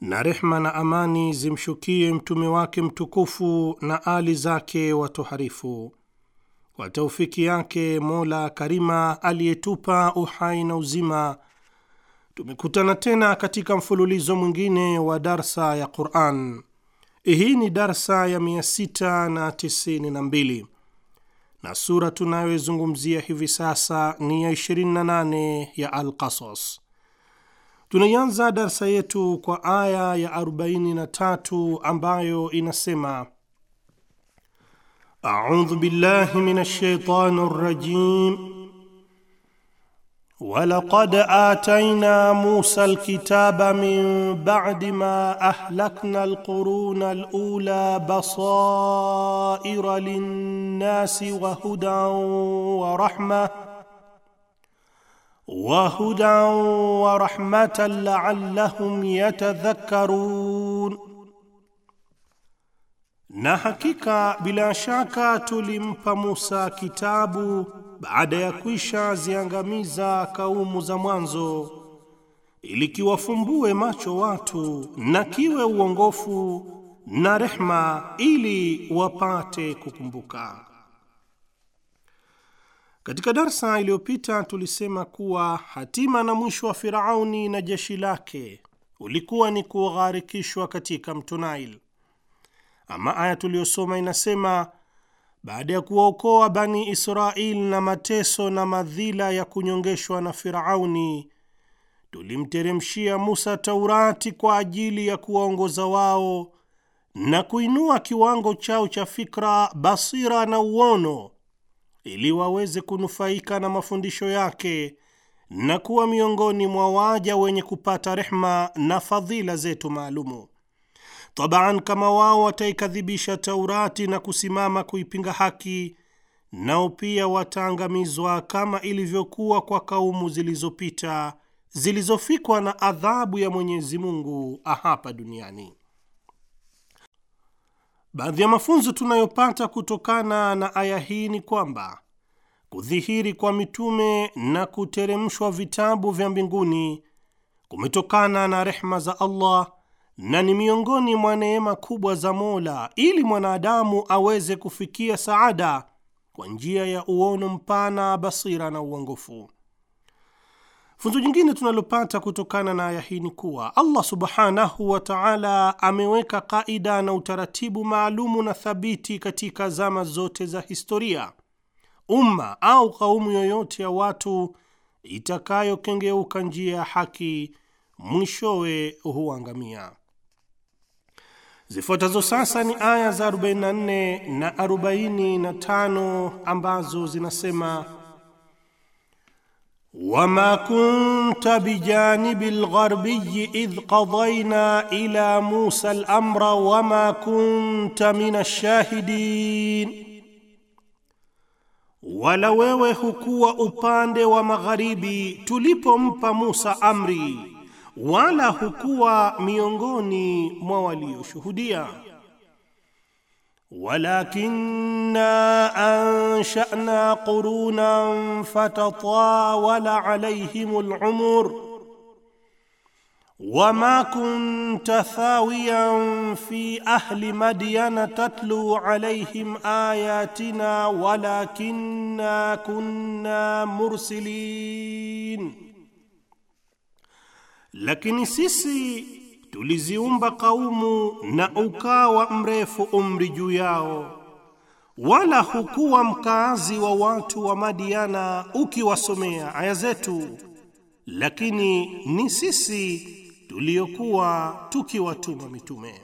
na rehma na amani zimshukie mtume wake mtukufu na ali zake watoharifu. Kwa taufiki yake Mola Karima aliyetupa uhai na uzima, tumekutana tena katika mfululizo mwingine wa darsa ya Quran. Hii ni darsa ya 692 na sura tunayoizungumzia hivi sasa ni ya 28 ya Alqasas. Tunaianza darsa yetu kwa aya ya 43 ambayo inasema: audhu billahi minash shaitani rajim walaqad atayna Musa alkitaba min ba'di ma ahlakna alquruna alula basaira linnasi wa hudan wa rahma وهدى ورحمة laallahum yatadhakkarun na hakika bila shaka tulimpa Musa kitabu baada ya kuisha ziangamiza kaumu za mwanzo, ili kiwafumbue macho watu na kiwe uongofu na rehma, ili wapate kukumbuka. Katika darsa iliyopita tulisema kuwa hatima na mwisho wa Firauni na jeshi lake ulikuwa ni kugharikishwa katika mto Nile. Ama aya tuliyosoma inasema, baada ya kuwaokoa Bani israel na mateso na madhila ya kunyongeshwa na Firauni, tulimteremshia Musa Taurati kwa ajili ya kuwaongoza wao na kuinua kiwango chao cha fikra, basira na uono ili waweze kunufaika na mafundisho yake na kuwa miongoni mwa waja wenye kupata rehma na fadhila zetu maalumu. Tabaan, kama wao wataikadhibisha Taurati na kusimama kuipinga haki, nao pia wataangamizwa kama ilivyokuwa kwa kaumu zilizopita zilizofikwa na adhabu ya Mwenyezi Mungu hapa duniani. Baadhi ya mafunzo tunayopata kutokana na aya hii ni kwamba kudhihiri kwa mitume na kuteremshwa vitabu vya mbinguni kumetokana na rehma za Allah na ni miongoni mwa neema kubwa za Mola ili mwanadamu aweze kufikia saada kwa njia ya uono mpana, basira na uongofu. Funzo jingine tunalopata kutokana na aya hii ni kuwa Allah subhanahu wa taala ameweka kaida na utaratibu maalumu na thabiti katika zama zote za historia, umma au kaumu yoyote ya watu itakayokengeuka njia ya haki mwishowe huangamia. Zifuatazo sasa ni aya za 44 na 45 ambazo zinasema wama kunta bijanibi algharbiyyi idh qadayna ila Musa al-amra wama kunta min ash wala wewe hukuwa upande wa magharibi tulipompa Musa amri, wala hukuwa miongoni mwa walioshuhudia. ولكنا انشانا قرونا فتطاول عليهم العمر وما كنت ثاويا في اهل مدين تتلو عليهم اياتنا ولكنا كنا مرسلين لكن سيسي tuliziumba kaumu na ukawa mrefu umri juu yao, wala hukuwa mkaazi wa watu wa Madiana ukiwasomea aya zetu, lakini ni sisi tuliokuwa tukiwatuma mitume.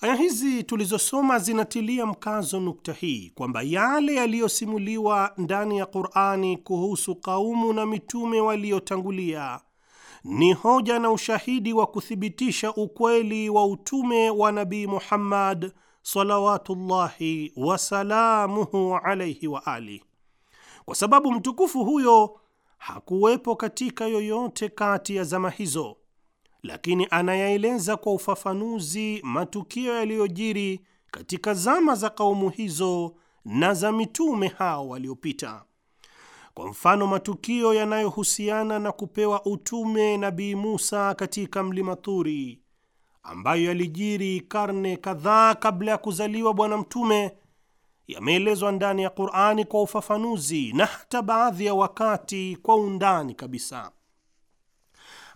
Aya hizi tulizosoma zinatilia mkazo nukta hii kwamba yale yaliyosimuliwa ndani ya Qur'ani kuhusu kaumu na mitume waliotangulia ni hoja na ushahidi wa kuthibitisha ukweli wa utume wa Nabii Muhammad salawatullahi wasalamuhu alaihi wa ali, kwa sababu mtukufu huyo hakuwepo katika yoyote kati ya zama hizo, lakini anayaeleza kwa ufafanuzi matukio yaliyojiri katika zama za kaumu hizo na za mitume hao waliopita. Kwa mfano, matukio yanayohusiana na kupewa utume Nabii Musa katika mlima Thuri, ambayo yalijiri karne kadhaa kabla ya kuzaliwa Bwana Mtume, yameelezwa ndani ya Qur'ani kwa ufafanuzi na hata baadhi ya wakati kwa undani kabisa.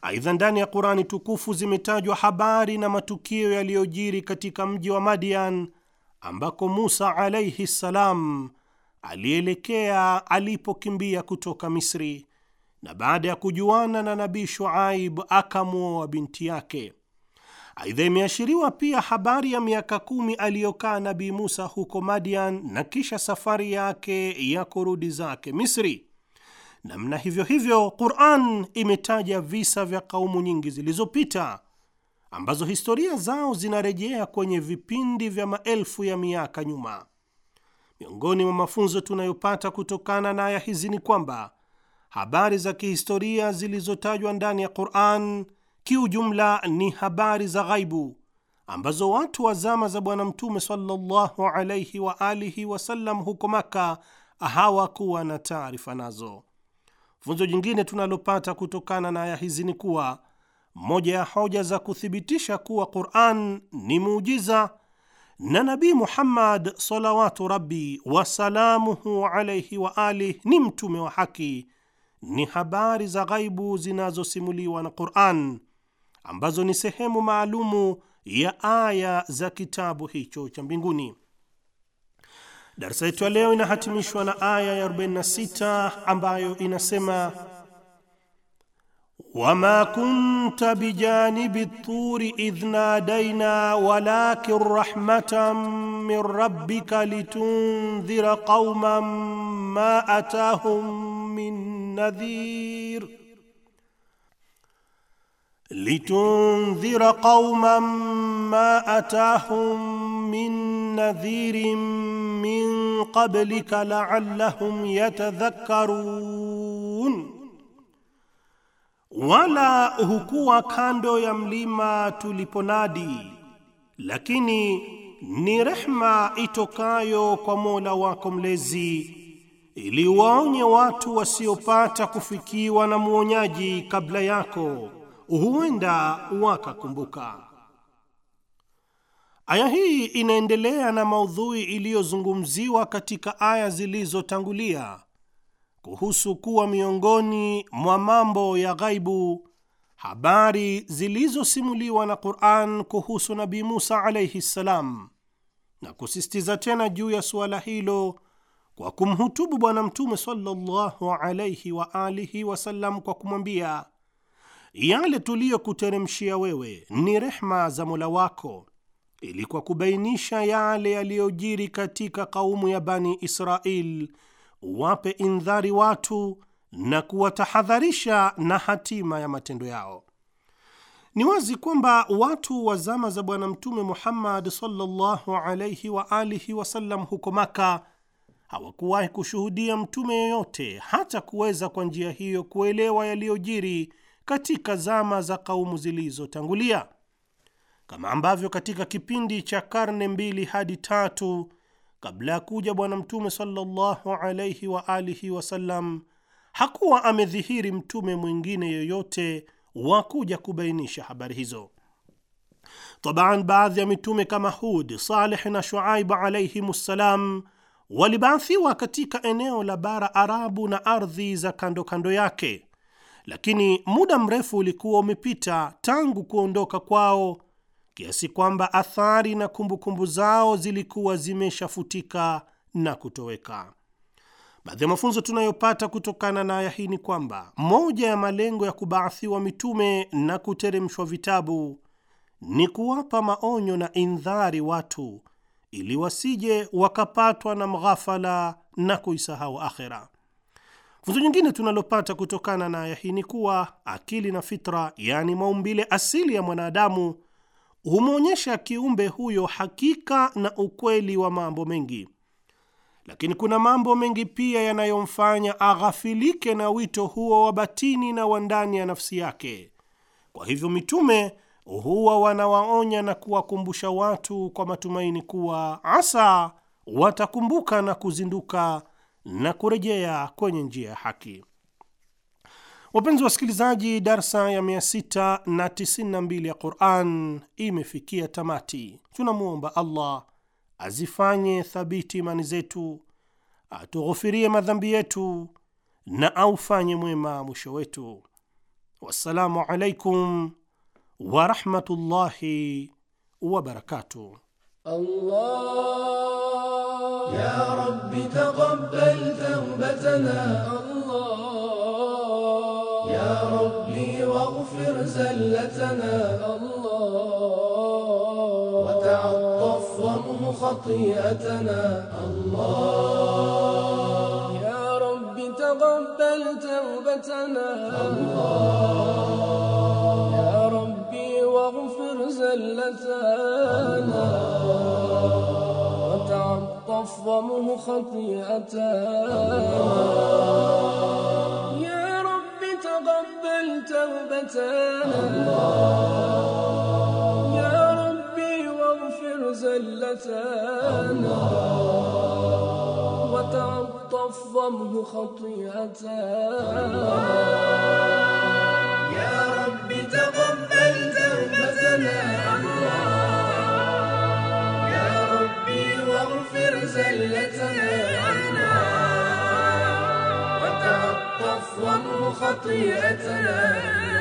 Aidha, ndani ya Qur'ani tukufu zimetajwa habari na matukio yaliyojiri katika mji wa Madian ambako Musa alayhi salam alielekea alipokimbia kutoka Misri, na baada ya kujuana na Nabii Shuaib akamwoa binti yake. Aidha, imeashiriwa pia habari ya miaka kumi aliyokaa Nabii Musa huko Madian na kisha safari yake ya kurudi zake Misri. Namna hivyo hivyo, Quran imetaja visa vya kaumu nyingi zilizopita ambazo historia zao zinarejea kwenye vipindi vya maelfu ya miaka nyuma. Miongoni mwa mafunzo tunayopata kutokana na aya hizi ni kwamba habari za kihistoria zilizotajwa ndani ya Qur'an kiujumla ni habari za ghaibu ambazo watu wa zama za Bwana Mtume sallallahu alayhi wa alihi wasallam huko Maka hawakuwa na taarifa nazo. Funzo jingine tunalopata kutokana na aya hizi ni kuwa moja ya hoja za kuthibitisha kuwa Qur'an ni muujiza na Nabii Muhammad salawatu rabi wasalamuhu alaihi wa alih ni mtume wa haki, ni habari za ghaibu zinazosimuliwa na Quran ambazo ni sehemu maalumu ya aya za kitabu hicho cha mbinguni. Darsa yetu ya leo inahatimishwa na aya ya 46 ambayo inasema وما كنت بجانب الطور اذ نادينا ولكن رحمه من ربك لتنذر قوما ما اتاهم من نذير لتنذر قوما ما اتاهم من نذير من قبلك لعلهم يتذكرون wala hukuwa kando ya mlima tuliponadi, lakini ni rehma itokayo kwa Mola wako mlezi, ili waonye watu wasiopata kufikiwa na mwonyaji kabla yako, huenda wakakumbuka. Aya hii inaendelea na maudhui iliyozungumziwa katika aya zilizotangulia kuhusu kuwa miongoni mwa mambo ya ghaibu habari zilizosimuliwa na Qur'an kuhusu Nabii Musa alayhi ssalam, na kusisitiza tena juu ya suala hilo kwa kumhutubu Bwana Mtume sallallahu alayhi wa alihi wasallam kwa kumwambia, yale tuliyokuteremshia wewe ni rehma za Mola wako, ili kwa kubainisha yale yaliyojiri katika kaumu ya Bani Israil wape indhari watu na kuwatahadharisha na hatima ya matendo yao. Ni wazi kwamba watu wa zama za Bwana Mtume Muhammad sallallahu alaihi wa alihi wasallam huko Maka hawakuwahi kushuhudia mtume yoyote hata kuweza kwa njia hiyo kuelewa yaliyojiri katika zama za kaumu zilizotangulia, kama ambavyo katika kipindi cha karne mbili hadi tatu kabla ya kuja Bwana Mtume sallallahu alaihi wa alihi wasallam, hakuwa amedhihiri mtume mwingine yoyote wa kuja kubainisha habari hizo. Tabaan, baadhi ya mitume kama Hud, Saleh na Shuaib alaihim ssalam walibaathiwa katika eneo la bara Arabu na ardhi za kando kando yake, lakini muda mrefu ulikuwa umepita tangu kuondoka kwao kiasi kwamba athari na kumbukumbu kumbu zao zilikuwa zimeshafutika na kutoweka. Baadhi ya mafunzo tunayopata kutokana na aya hii ni kwamba moja ya malengo ya kubaathiwa mitume na kuteremshwa vitabu ni kuwapa maonyo na indhari watu ili wasije wakapatwa na mghafala na kuisahau akhera. Funzo nyingine tunalopata kutokana na aya hii ni kuwa akili na fitra, yaani maumbile asili ya mwanadamu, humwonyesha kiumbe huyo hakika na ukweli wa mambo mengi, lakini kuna mambo mengi pia yanayomfanya aghafilike na wito huo wa batini na wa ndani ya nafsi yake. Kwa hivyo mitume huwa wanawaonya na kuwakumbusha watu kwa matumaini kuwa asa watakumbuka na kuzinduka na kurejea kwenye njia ya haki. Wapenzi wasikilizaji, darsa ya 692 ya Quran imefikia tamati. Tunamwomba Allah azifanye thabiti imani zetu, atughufirie madhambi yetu na aufanye mwema mwisho wetu. Wassalamu alaikum warahmatullahi wabarakatuh. Allah ya Rabbi taqabbal tawbatana يا ربي واغفر زلتنا الله وتعطف وامه خطيئتنا الله يا رب تقبل توبتنا الله يا ربي واغفر زلتنا وتعطف وامه خطيئتنا الله تقبل توبتنا يا ربي واغفر زلتنا وتعطف ضمه خطيئتنا خطيئتنا